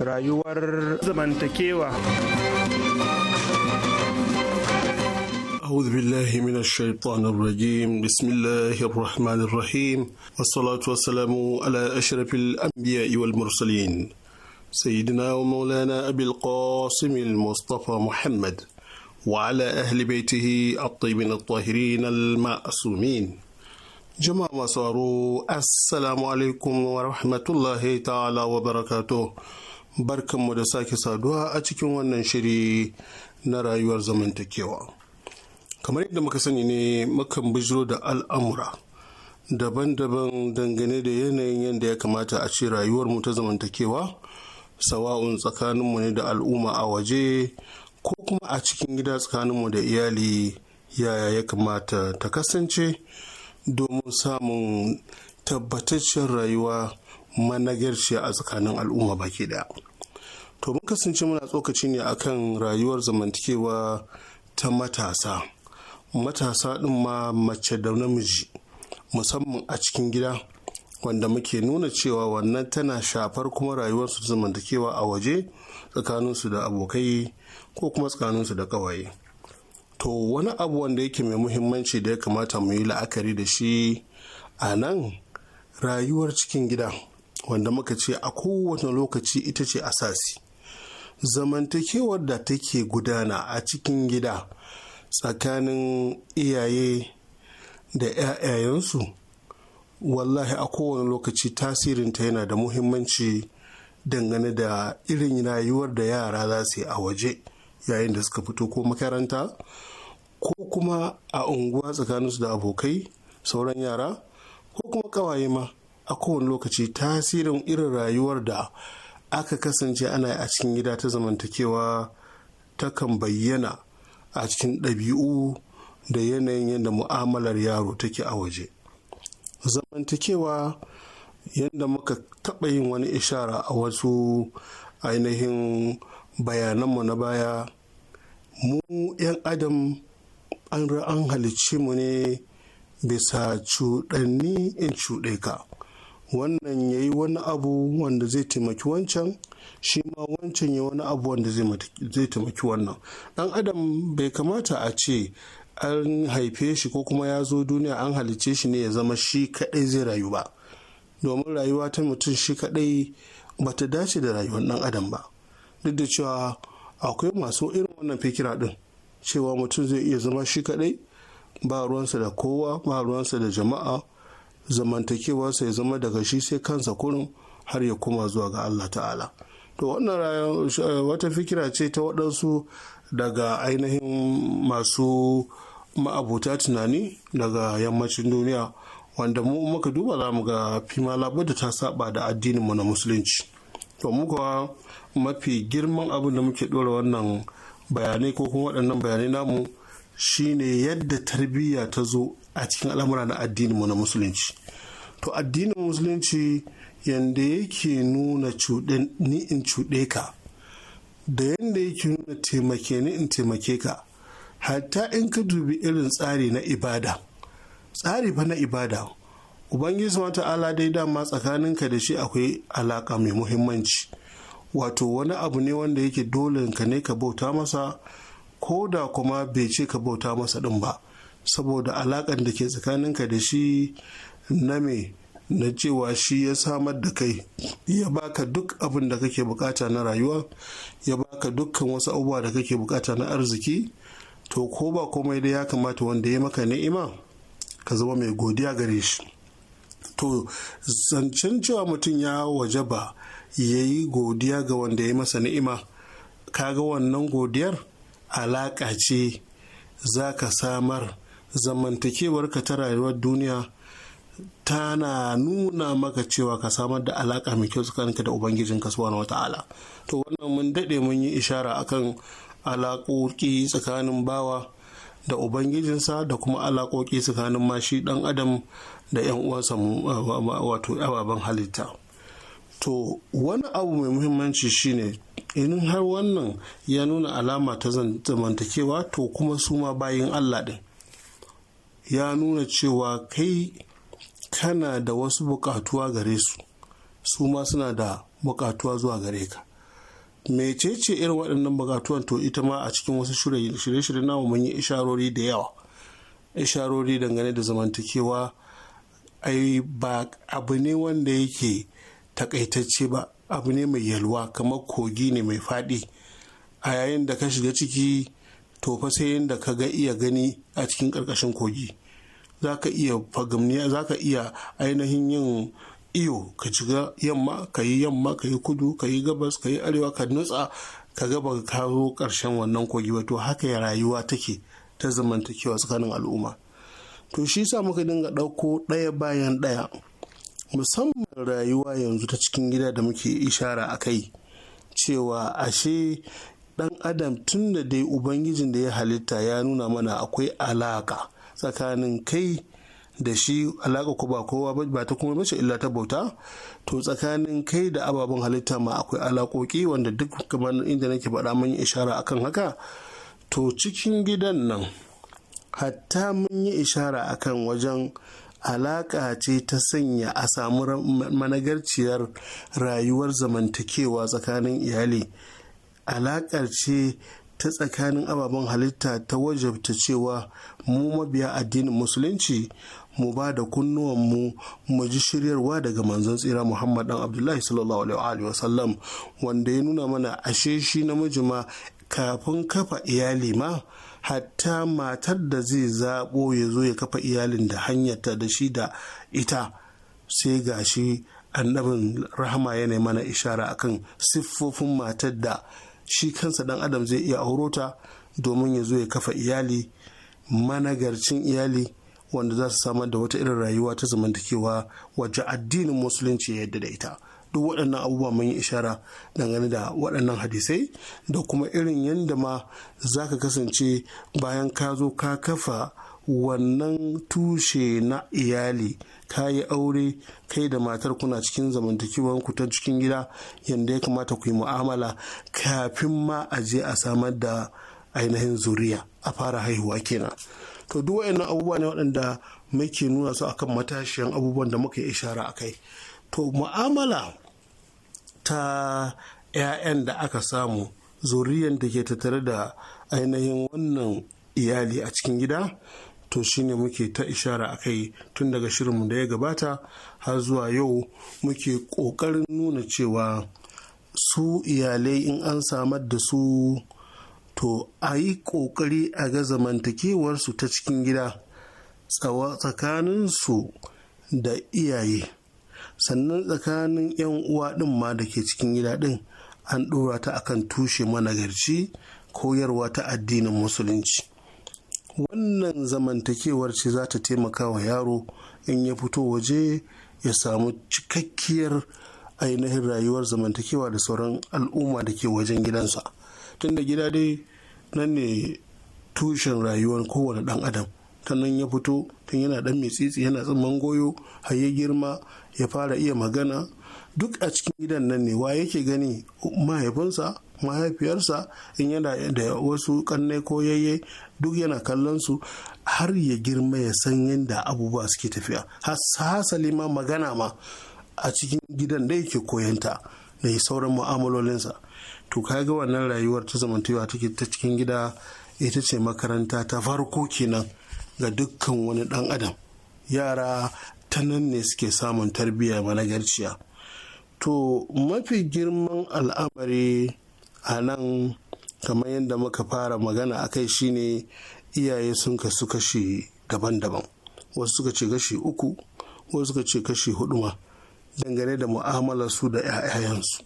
rayuwar zamantakewa. أعوذ بالله من الشيطان الرجيم بسم الله الرحمن الرحيم والصلاة والسلام على أشرف الأنبياء والمرسلين سيدنا ومولانا أبي القاسم المصطفى محمد وعلى أهل بيته الطيبين الطاهرين المعصومين جماعة مصارو السلام عليكم ورحمة الله تعالى وبركاته barkanmu da sake saduwa a cikin wannan shiri na rayuwar zamantakewa kamar yadda muka sani ne mukan bijiro da al'amura daban-daban dangane da yanayin yadda ya kamata a ce rayuwarmu ta zamantakewa sawa'un tsakaninmu ne da al'umma a waje ko kuma a cikin gida tsakaninmu da iyali yaya ya kamata ta kasance domin samun tabbataccen rayuwa managarciya a tsakanin al'umma baki daya to mun kasance muna tsokaci ne akan rayuwar zamantakewa ta matasa matasa din ma mace da namiji musamman a cikin gida wanda muke nuna cewa wannan tana shafar kuma rayuwarsu ta zamantakewa a waje tsakaninsu da abokai ko kuma tsakaninsu da kawaye to wani abu wanda yake mai muhimmanci da ya kamata mu yi la'akari da shi a nan rayuwar cikin gida wanda muka ce a kowane lokaci ita ce asasi zamantakewar da take gudana a cikin gida tsakanin iyaye da 'ya'yayensu wallahi a kowane lokaci tasirinta yana da muhimmanci dangane da irin rayuwar da yara za su yi a waje yayin da suka fito ko makaranta ko kuma a unguwa tsakaninsu da abokai sauran yara ko kuma kawaye ma a kowane lokaci tasirin irin rayuwar da aka kasance ana a cikin gida ta zamantakewa ta kan bayyana a cikin ɗabi'u da yanayin yadda mu'amalar yaro take a waje zamantakewa yadda muka taɓa yin wani ishara a wasu ainihin bayananmu na baya mu 'yan adam an halicci mu ne bisa cuɗanni in cuɗe ka wannan ya yi wani abu wanda zai taimaki wancan shi ma wancan ya wani abu wanda zai taimaki wannan dan adam bai kamata a ce an haife shi ko kuma ya zo duniya an halice shi ne ya zama shi kadai zai rayu ba domin rayuwa ta mutum shi kadai ba ta dace da rayuwar dan adam ba duk da cewa akwai masu irin wannan fikira din cewa mutum zai iya zama shi kadai ba ruwansa da kowa ba ruwansa da jama'a zamantakewarsa ya zama daga shi sai kansa kurin har ya kuma zuwa ga Allah ta'ala to wannan eh, wata fikira ce ta waɗansu daga ainihin masu ma'abuta tunani daga yammacin duniya wanda mu muka duba za mu ga fima da ta saba da addininmu na musulunci to muka mafi girman abin da muke ɗora wannan bayanai ko kuma waɗannan bayanai namu shine yadda tarbiyya ta zo a cikin al'amura na addininmu na musulunci to addinin musulunci yadda yake nuna ni in cuɗe ka da yadda yake nuna taimake ni in taimake ka hatta in ka dubi irin tsari na ibada tsari fa na ibada ubangiji Wata Ala dai dama tsakaninka da shi akwai alaka mai muhimmanci wato wani abu ne wanda yake dole ka ne ka bauta masa ko da kuma bai ce ka bauta masa ɗin ba saboda alaƙar da ke tsakaninka da shi na me na cewa shi ya samar da kai ya baka duk abin da kake bukata na rayuwa ya baka dukkan wasu abubuwa da kake bukata na arziki to ko ba komai da ya kamata wanda ya maka ni'ima ka zama mai godiya gare shi to zancen cewa mutum ya waje ba ya yi godiya ga wanda ya masa ni'ima ka ga wannan godiyar alaƙa ce za ka samar zamantakewarka ta rayuwar duniya tana nuna maka cewa ka samar da alaƙa mai kyau tsakaninka da ubangijinka na wata'ala to wannan mun daɗe mun yi ishara akan alaƙoƙi tsakanin bawa da ubangijinsa da kuma alaƙoƙi tsakanin mashi ɗan adam da 'yan uwansa wato ababen halitta to wani abu mai muhimmanci shine in har wannan ya nuna alama ta zamantakewa to kuma su ma bayin allah ɗin ya nuna cewa kai kana da wasu buƙatuwa gare su su ma suna da buƙatuwa zuwa gare ka mecece irin waɗannan bukatuwan to ita ma a cikin wasu shirye-shirye na mun yi isharori da yawa isharori dangane da zamantakewa ai ba abu ne wanda yake takaitacce ba abu ne mai yalwa kamar kogi ne mai faɗi a yayin da ka shiga ciki to fa sai yadda ka ga iya gani a cikin ƙarƙashin kogi za ka iya fagamniya za ka iya ainihin yin iyo ka shiga yamma ka yi yamma ka yi kudu ka yi gabas ka yi arewa ka nutsa ka gaba ka karo ƙarshen wannan kogi wato haka ya rayuwa take ta zamantakewa tsakanin al'umma to shi sa muka dinga ɗauko ɗaya bayan ɗaya musamman rayuwa yanzu ta cikin gida da muke ishara a kai cewa ashe dan adam tun da dai ubangijin da ya halitta ya nuna mana akwai alaka tsakanin kai da shi alaka ko ba kowa ba ta kuma mace illa ta bauta to tsakanin kai da ababen halitta ma akwai alakoki wanda duk kamar inda nake faɗa mun yi ishara akan haka to cikin gidan nan hatta mun yi ishara akan wajen alaƙa ce ta sanya a samu managarciyar rayuwar zamantakewa tsakanin iyali alaƙar ce ta tsakanin ababen halitta ta wajabta cewa mu mabiya addinin musulunci mu ba da kunnuwanmu mu ji shiryarwa daga manzon tsira muhammad dan abdullahi sallallahu alaihi sallam wanda ya nuna mana ashe shi namiji ma kafin kafa iyali ma hatta matar da zai zaɓo ya zo ya kafa iyalin da hanyarta da shi da ita sai ga shi annabin rahama yana mana ishara akan siffofin matar da shi kansa ɗan adam zai iya aurota domin ya zo ya kafa iyali managarcin iyali wanda za su samar da wata irin rayuwa ta zamantakewa wajen addinin musulunci ya yadda da ita duk waɗannan abubuwa mun yi ishara dangane da waɗannan hadisai da kuma irin yadda ma za ka kasance bayan ka zo ka kafa wannan tushe na iyali ka yi aure kai da matar kuna cikin zamantakewar ku ta cikin gida yadda ya kamata ku yi mu'amala kafin ma a je a samar da ainihin zuriya a fara haihuwa kenan to duk waɗannan abubuwa ne waɗanda muke nuna su akan matashiyan abubuwan da muka yi ishara a kai to mu'amala ta 'ya'yan da aka samu zuriyan da ke tattare da ainihin wannan iyali a cikin gida to shine muke ta ishara a kai tun daga shirinmu da ya gabata har zuwa yau muke ƙoƙarin nuna cewa su iyalai in an samar da su to a yi ƙoƙari a ga zamantakewarsu ta cikin gida tsakaninsu da iyaye sannan tsakanin 'yan uwa ɗin ma da ke cikin gida ɗin an ɗora ta akan tushe managarci koyarwa ta addinin musulunci wannan zamantakewar ce za ta taimaka wa yaro in ya fito waje ya samu cikakkiyar ainihin rayuwar zamantakewa da sauran al'umma da ke wajen gidansa tunda gida dai nan ne tushen rayuwar kowane ɗan adam ta nan ya fito tun yana dan mitsitsi yana tsimman goyo har ya girma ya fara iya magana duk a cikin gidan nan ne wa yake gani mahaifinsa mahaifiyarsa in yana da wasu kannai ko yayye duk yana kallon su har ya girma ya san yadda abubuwa suke tafiya hasali ma magana ma a cikin gidan da yake koyanta da sauran mu'amalolinsa to kaga wannan rayuwar ta zamantakewa take ta cikin gida ita ce makaranta ta farko kenan ga dukkan wani ɗan adam yara ta nan ne suke samun tarbiyya managarciya to mafi girman al'amari a nan kamar yadda muka fara magana a kai shine iyaye sun kasu kashi daban-daban wasu suka ce kashi uku wasu suka ce kashi hudu ma dangane da mu'amala su da 'ya'yayensu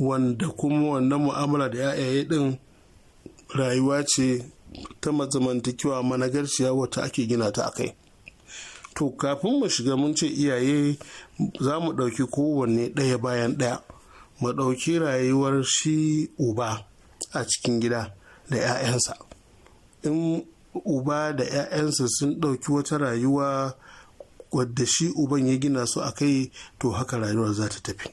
wanda kuma wannan mu'amala da 'ya'yaye din rayuwa ce ta zamantakewa managarciya wata ake gina ta akai to kafin mu shiga mun ce iyaye za mu ɗauki kowanne ɗaya bayan ɗaya mu ɗauki rayuwar shi uba a cikin gida da 'ya'yansa in uba da 'ya'yansa sun ɗauki wata rayuwa wadda shi uban ya gina su a kai to haka rayuwar za ta tafi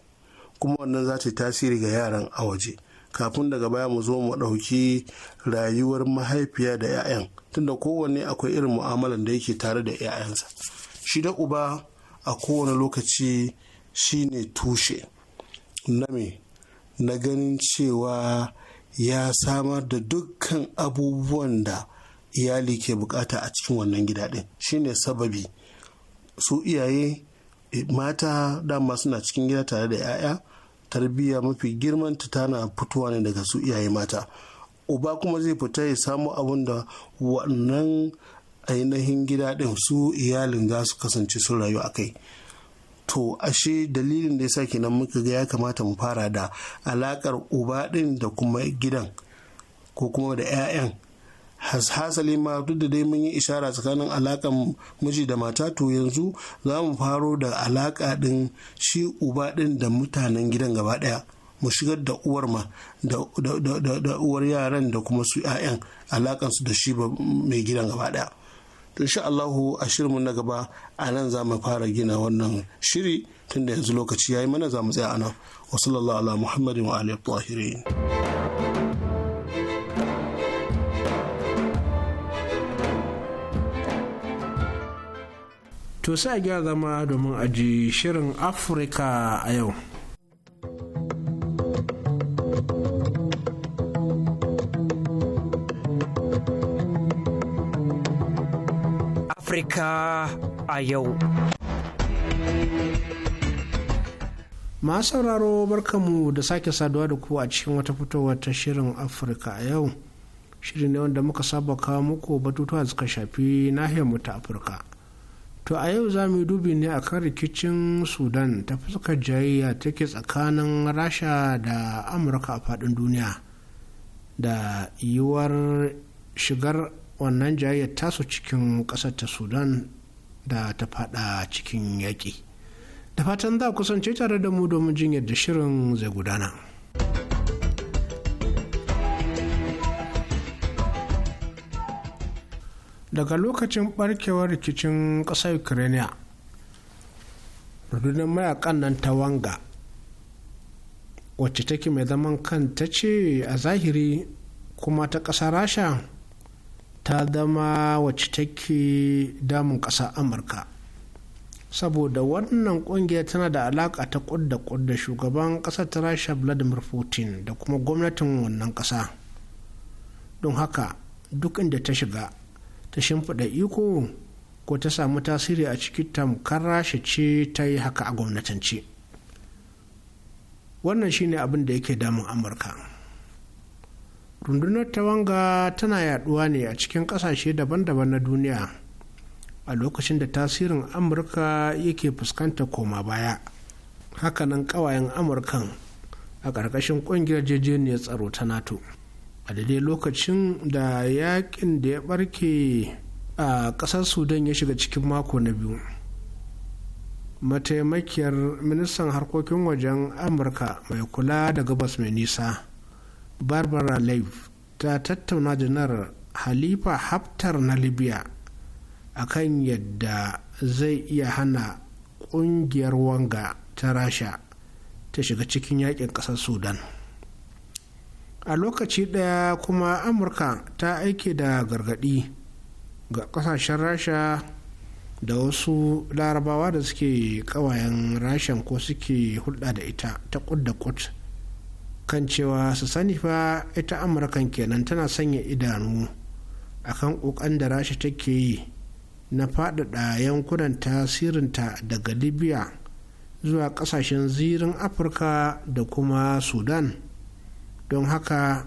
kuma wannan za ta tasiri ga yaran a waje kafin daga baya mu zo mu ɗauki rayuwar mahaifiya da 'ya'yan tunda kowanne akwai irin mu'amalan da yake tare da 'ya'yansa shi da uba a kowane lokaci shine tushe na me na ganin cewa ya samar da dukkan abubuwan da iyali ke bukata a cikin wannan gida ɗin shine sababi su iyaye mata dama suna cikin gida tare da 'ya'ya tarbiyya mafi girman ta tana fitowa ne daga su iyaye mata uba kuma zai fita ya samu abin da wannan ainihin gida ɗin su iyalin za su kasance sun rayu a kai to ashe dalilin da ya sa kenan muka ga ya kamata mu fara da alakar uba ɗin da kuma gidan ko kuma da 'ya'yan hasali ma duk da dai mun yi ishara tsakanin alakan miji da mata to yanzu za mu faro da alaka din shi uba din da mutanen gidan gaba daya mu shigar da uwar ma da, uwar yaran da kuma su 'ya'yan alakansu da shi mai gidan gaba daya to insha Allahu a shirinmu na gaba a nan za mu fara gina wannan shiri tunda yanzu lokaci yayi mana za mu tsaya a nan wa sallallahu ala muhammadin wa alihi tahirin to sai gyara zama domin aji shirin afirka a yau afirka a yau masu sauraro barkamu da sake saduwa da ku a cikin wata fitowar ta shirin afirka a yau shirin ne wanda muka saba kawo muku batutuwa suka shafi nahiyar mu ta afirka to a yau za mu yi dubi ne akan rikicin sudan ta fuskar jayayya take tsakanin rasha da amurka a faɗin duniya da yiwuwar shigar wannan jayayyar tasu cikin ƙasar ta sudan da ta faɗa cikin yaƙi da fatan za kusance tare da mu domin jin yadda shirin zai gudana. daga lokacin barkewar rikicin ƙasar ukraine rundunar mayakan nan ta wanga wacce take mai zaman kanta ce a zahiri kuma ta ƙasa rasha ta zama wacce take damun ƙasa amurka saboda wannan ƙungiyar tana da alaƙa ta kudda da shugaban ƙasar ta rasha vladimir putin da kuma gwamnatin wannan ƙasa don haka duk inda ta shiga ta shimfiɗa iko ko ta samu tasiri a cikin tamkar rasha ce ta yi haka a gwamnatance wannan shine abin da yake damun amurka rundunar tawanga tana yaduwa ne a cikin kasashe daban-daban na duniya a lokacin da tasirin amurka yake fuskanta koma baya hakanan kawayen amurkan a ƙarƙashin ƙungiyar jejeniyar tsaro ta nato a daidai lokacin da yakin da ya barke a ƙasar sudan ya shiga cikin mako na biyu mataimakiyar ministan harkokin wajen amurka mai kula da gabas mai nisa barbara leif ta tattauna janar halifa haftar na libya a kan yadda zai iya hana kungiyar wanga ta rasha ta shiga cikin yakin kasar sudan a lokaci ɗaya kuma amurka ta aike da gargaɗi ga ƙasashen rasha da wasu larabawa da suke ƙawayen rashan ko suke hulɗa da ita ta ƙud da ƙud kan cewa su sani fa ita amurkan kenan tana sanya idanu akan ƙoƙan da rasha take yi na faɗaɗa yankunan tasirinta daga libya zuwa ƙasashen zirin afirka da kuma sudan don haka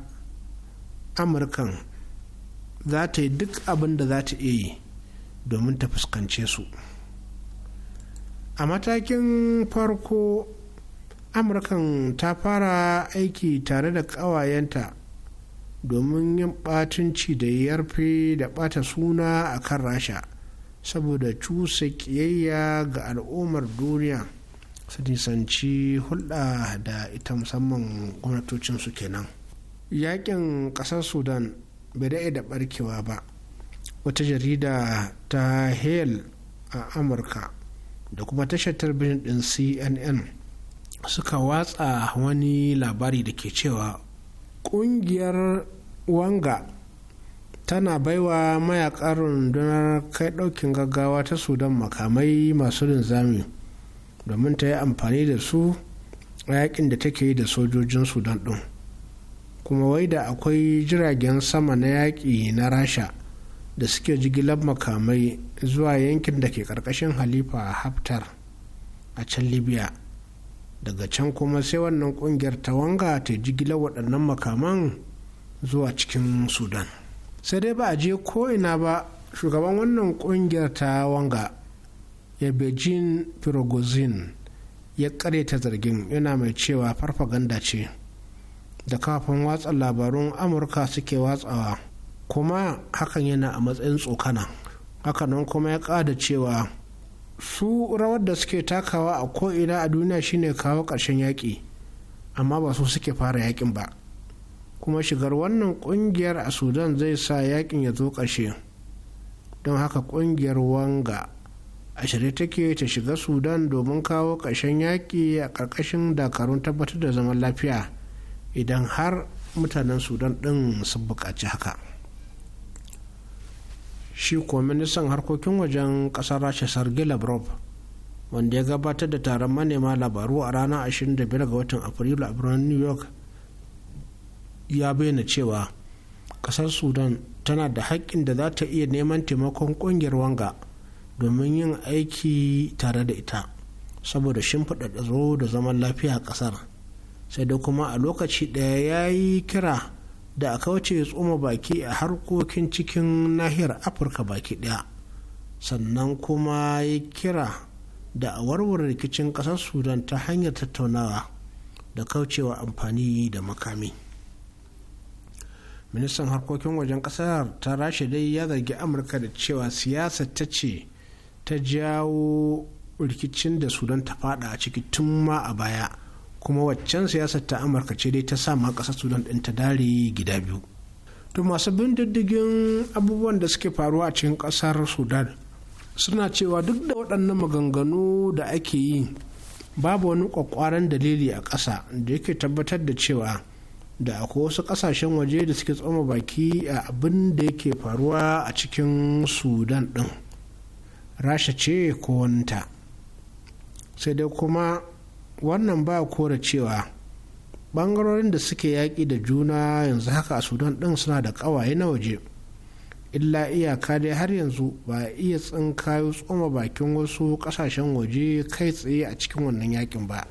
amurkan za ta yi duk abin da za ta iya yi domin ta fuskance su a matakin farko amurkan ta fara aiki tare da kawayenta domin yin ɓatunci da yarfe da ɓata suna a kan rasha saboda cusa ƙiyayya ga al'ummar duniya su nisanci hulɗa da ita musamman gwamnatocinsu kenan yakin ƙasar sudan bai daɗe da barkewa ba wata jarida ta hail a amurka da kuma tashar talabijin ɗin cnn suka watsa wani labari da ke cewa ƙungiyar wanga tana baiwa mayakan rundunar kai ɗaukin gaggawa ta sudan makamai masu linzami domin ta yi amfani da su a yakin da take yi da sojojin sudan ɗin kuma wai da akwai jiragen sama na yaƙi na rasha da suke jigilar makamai zuwa yankin da ke ƙarƙashin halifa haftar a can libya daga can kuma sai wannan ƙungiyar ta wanga ta jigilar waɗannan makaman zuwa cikin sudan sai dai ba a je ko'ina ba shugaban wannan ƙungiyar ta wanga yabejin prigozhin ya karyata zargin yana mai cewa farfaganda ce da kafin watsa labarun amurka suke watsawa kuma hakan yana a matsayin tsokana hakanan kuma ya kada cewa su rawar da suke takawa a ko'ina a duniya shine kawo ƙarshen yaƙi amma ba su suke fara yaƙin ba kuma shigar wannan ƙungiyar a sudan zai sa yaƙin ya zo ƙarshe don haka ƙungiyar wanga a shirye take ta shiga sudan domin kawo ƙarshen yaƙi a ƙarƙashin dakarun tabbatar da zaman lafiya idan har mutanen sudan ɗin sun buƙaci haka shi kuwa ministan harkokin wajen ƙasar rasha sergei lavrov wanda ya gabatar da taron manema labaru a ranar 25 ga watan afrilu a birnin new york ya bayyana cewa ƙasar sudan tana da haƙƙin da za ta iya neman taimakon ƙungiyar wanga domin yin aiki tare da ita saboda shimfiɗa tsaro da zaman lafiya a ƙasar sai da kuma a lokaci ɗaya ya yi kira da a kauce tsoma baki a harkokin cikin nahiyar afirka baki ɗaya sannan kuma ya kira da a warware rikicin ƙasar sudan ta hanyar tattaunawa da kaucewa amfani da makami ministan harkokin wajen ƙasar ta rashe dai ya zargi amurka da cewa siyasa ta ce ta jawo rikicin da sudan ta fada a ciki tun ma a baya kuma waccan siyasar ta amurka ce dai ta sa ma ƙasar sudan ɗin ta dare gida biyu to masu bin diddigin abubuwan da suke faruwa a cikin kasar sudan suna cewa duk da waɗannan maganganu da ake yi babu wani kwakwaran dalili a ƙasa da yake tabbatar da cewa da akwai wasu ƙasashen waje da suke tsoma baki a abin da yake faruwa a cikin sudan ɗin rasha ce ko wanta sai dai kuma wannan ba kora cewa bangarorin da suke yaƙi da juna yanzu haka a sudan ɗin suna da ƙawaye na waje illa iyaka dai har yanzu ba iya tsinkayo tsoma bakin wasu ƙasashen waje kai tsaye a cikin wannan yakin ba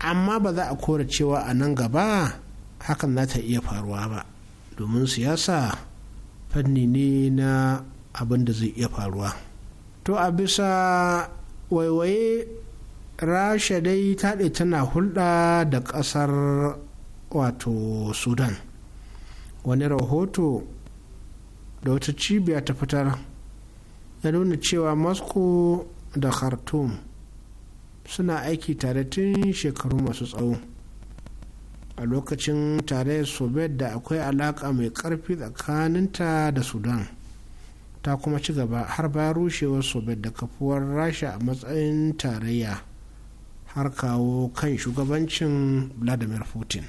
amma ba za a kora cewa a nan gaba hakan za ta iya faruwa ba domin siyasa fanni ne na abin da zai iya faruwa. to a bisa waiwaye rasha dai ta tana hulɗa da ƙasar wato sudan wani rahoto da wata cibiya ta fitar ya nuna cewa moscow da khartoum suna aiki tare tun shekaru masu tsawo a lokacin tare soviet da akwai alaƙa mai ƙarfi tsakaninta da sudan ta kuma ci gaba har bayan rushewar soviet da kafuwar rasha a matsayin tarayya har kawo kan shugabancin vladimir putin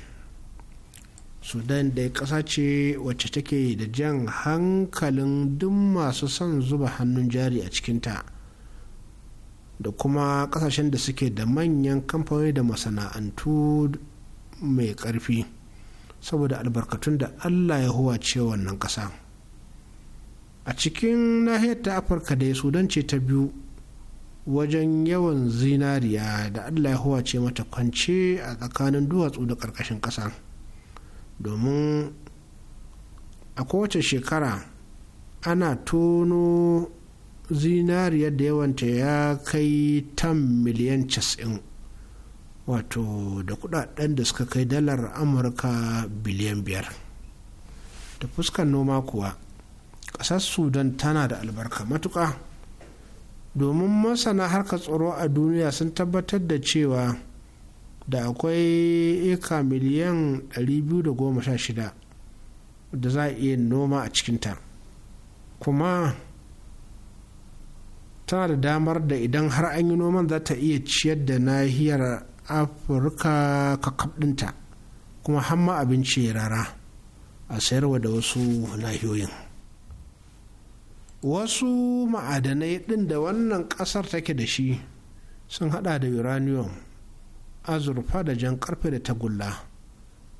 sudan dai ƙasa ce wacce take da jan hankalin duk masu son zuba hannun jari a cikinta da kuma ƙasashen da suke da manyan kamfani da masana'antu mai ƙarfi saboda albarkatun da allah ya huwa ce wannan ƙasa a cikin nahiyar ta afirka da sudan ce ta biyu wajen yawan zinariya da allah ya ce mata kwance a tsakanin duwatsu da ƙarƙashin ƙasa domin a kowace shekara ana tono zinariya da yawanta ya kai tan miliyan casa'in wato da kudaden da suka kai dalar amurka biliyan biyar da fuskar noma kuwa ƙasar sudan tana da albarka matuƙa domin masana harkar tsaro a duniya sun tabbatar da cewa da akwai eka miliyan 216 da za a iya noma a cikinta kuma tana da damar da idan har an yi noman za ta iya ciyar da nahiyar afirka kakabdinta kuma hamma abinci rara a sayarwa da wasu nahiyoyin. wasu ma'adanai ɗin da wannan ƙasar take da shi sun hada da uranium azurfa da jan karfe da tagulla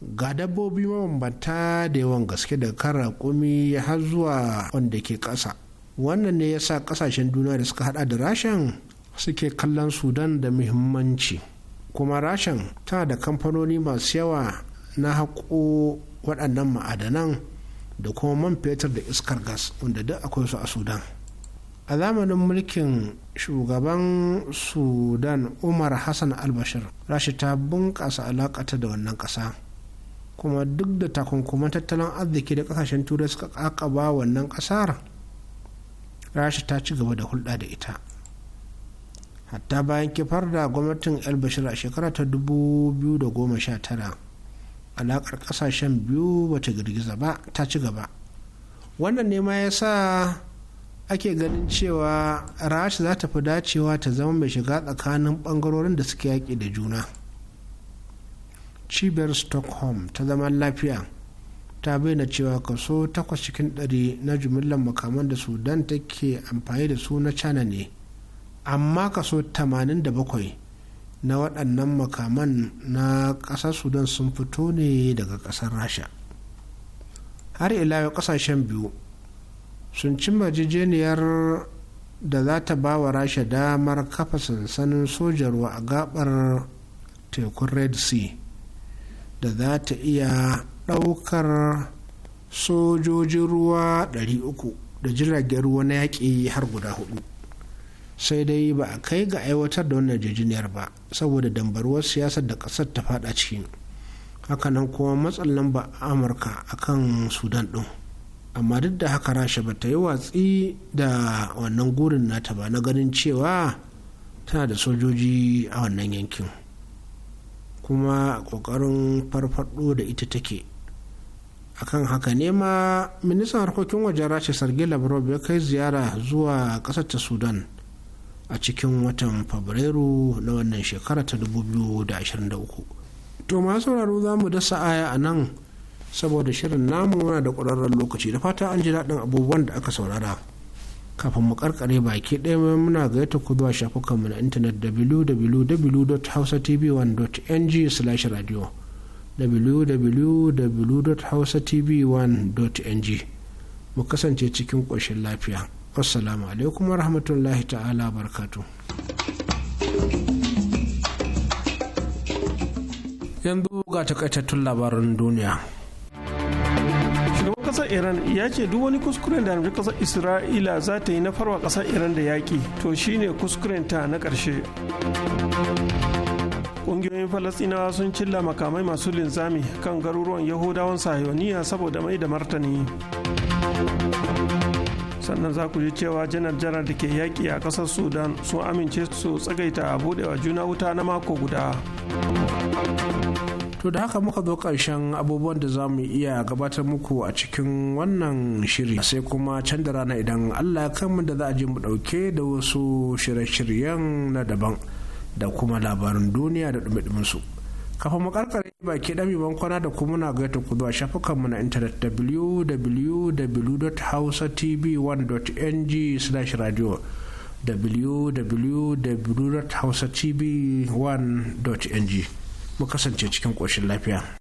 ga dabbobi mabambanta da yawan gaske da kara kumi har zuwa wanda ke ƙasa wannan ne ya sa ƙasashen duniya da suka hada da rashin suke kallon sudan da muhimmanci kuma rashin tana da kamfanoni masu yawa na haƙo waɗannan ma'adanan da kuma man fetur da iskar gas wanda duk akwai su a sudan a zamanin mulkin shugaban sudan umar hassan albashir rashi ta bunƙasa alaƙata da wannan ƙasa kuma duk da takunkuman tattalin arziki da ƙasashen turai suka ƙaƙaba wannan ƙasar rashi ta ci gaba da hulɗa da ita hatta bayan kifar da gwamnatin albashir a shekara ta 2019 alakar kasashen biyu bata girgiza ba ta ci gaba wannan ne ma ya sa ake ganin cewa rash za ta fi dacewa ta zama mai shiga tsakanin bangarorin da suke yaƙi da juna cibiyar stockholm ta zaman lafiya ta bayyana cewa kaso takwas cikin 100 na jumillar makaman da sudan take amfani da su na china ne amma kaso 87 na waɗannan makaman na ƙasar sudan sun fito ne daga ƙasar rasha har ila ƙasashen biyu sun ci majejeniyar da za ta ba wa rasha damar kafa sansanin sojarwa a gabar tekun red sea da za ta iya ɗaukar sojojin ruwa 300 da jiragen ruwa na yaƙi har guda hudu sai dai ba a kai ga aiwatar da wannan yarjejeniyar ba saboda dambaruwar siyasar da ƙasar ta fada ciki hakanan kuma matsin lamba amurka a kan sudan ɗin amma duk da haka rasha ba ta yi watsi da wannan gurin nata ba na ganin cewa tana da sojoji a wannan yankin kuma ƙoƙarin farfaɗo da ita take akan haka ne ma ministan harkokin wajen rasha sergei lavrov ya kai ziyara zuwa ƙasar ta sudan a cikin watan fabrairu na wannan shekara ta 2023 to masu sauraro za mu dasa aya a nan saboda shirin namu yana da ƙwararren lokaci da fata an ji daɗin abubuwan da aka saurara kafin mu karkare baki ɗaya muna gayyata ku zuwa shafukanmu na intanet www.hausatv1.ng/radio www.hausatv1.ng mu kasance cikin ƙoshin lafiya wassalamu alaikum rahmatullahi ta'ala barkatu yanzu ga takaitattun labaran duniya shugaban kasar iran ya ce duk wani kuskuren da amurka kasar isra'ila za ta yi na farwa kasar iran da yaƙi to shine kuskuren ta na ƙarshe ƙungiyoyin falasɗinawa sun cilla makamai masu linzami kan garuruwan yahudawan sahiyoniya saboda mai da martani sannan za ku ji cewa janar janar da ke yaƙi a ƙasar sudan sun amince su tsagaita a buɗewa juna wuta na mako guda to da haka muka zo karshen abubuwan da za mu iya gabatar muku a cikin wannan shiri sai kuma can da rana idan allah ya mu da za a je mu ɗauke da wasu shirye-shiryen na daban da kuma labarin duniya da ɗume su. kafa kafin makarkare baki dami bankwana da kuma na gaita ku zuwa shafukanmu na intanet www.hausatv1.ng radio www.hausatv1.ng mu kasance cikin ƙoshin lafiya.